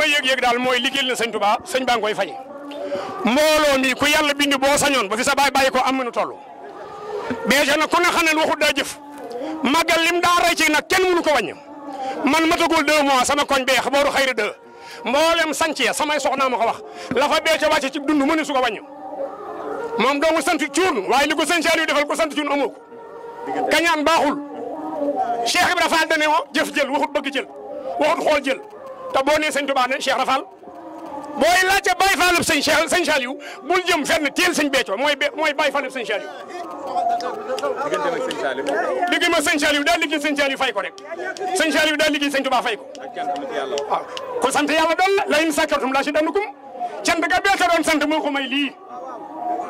ma yëg-yëg daal mooy liggéeyal na sëñ Tuubaa sëñ baa ngi koy fay mbooloo mi ku yàlla bind boo sañoon ba fi sa baay bàyyi ko am mënu toll beeje nag ku ne xam ne waxut daa jëf màggal lim daa rey ci nag kenn mënu ko wàññi man matagul deux mois sama koñ bee xabooru xayri deux mboolem sànci ya samay soxnaa ma ko wax la fa beeje wàcce ci dund mënu su ko wàññi moom doomu sant cuun waaye li ko sëñ Saliou defal ko sant cuun amoo ko kañaan baaxul Cheikh Ibra Fall dane jëf jël waxut bëgg jël waxut te boo nee sëñ Tuubaa ne Cheikh Rafal booy laajte Baye Fallou sëñ Cheikh sëñ Saliou bul jëm fenn teel sëñ Béthio mooy mooy Baye Fallou sëñ Saliou. diggante nag sëñ Saliou. daal liggéey sëñ fay ko rek sëñ Saliou daal liggéey sëñ fay ko. waaw kon sant yàlla doon la la in sakartum la si dandukum ko may lii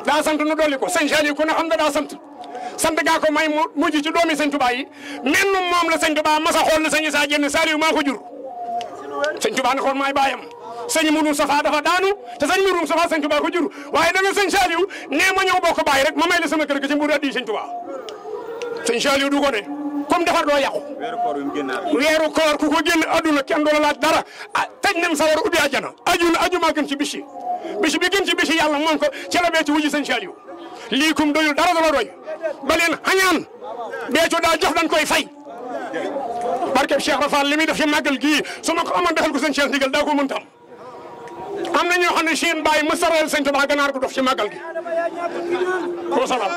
daa sant nu dolli ko ku ne xam daa sant. sant gaa ko may mu mujj ci doomi sëñ Tuubaa yi menn moom la sëñ Tuubaa a xool na sëñ Isaa jenn sëñ Tuba ne kon maay baayam sëñ Mourou Safa dafa daanu te sëñ Mourou Safa sëñ Tuba ko jur waaye dana sëñ Saliou nee ma ñëw bokk bàyyi rek ma may la sama kër ga ci mbuur addi sëñ Tuba sëñ ko ne comme defar doo yàqu. weeru koor ku ko génn àdduna kenn doo la laaj dara ah tëj nañ sa war ubbi aju na aju maa gën ci bis yi bi gën ci bis yi yàlla ko ci bee ci wuji sëñ lii kum doyul dara dala doy ba leen xañaan beeco daa jox dañ koy fay barkeb Cheikh Rafal li muy def ci màggal gii su ma ko amoon defal ko sëñ Cheikh ndigal daa ko mënta am am na ñoo xam ne seen bàyyi ma sareel sëñ Tuubaa ganaar gu dof ci màggal gi ko salaam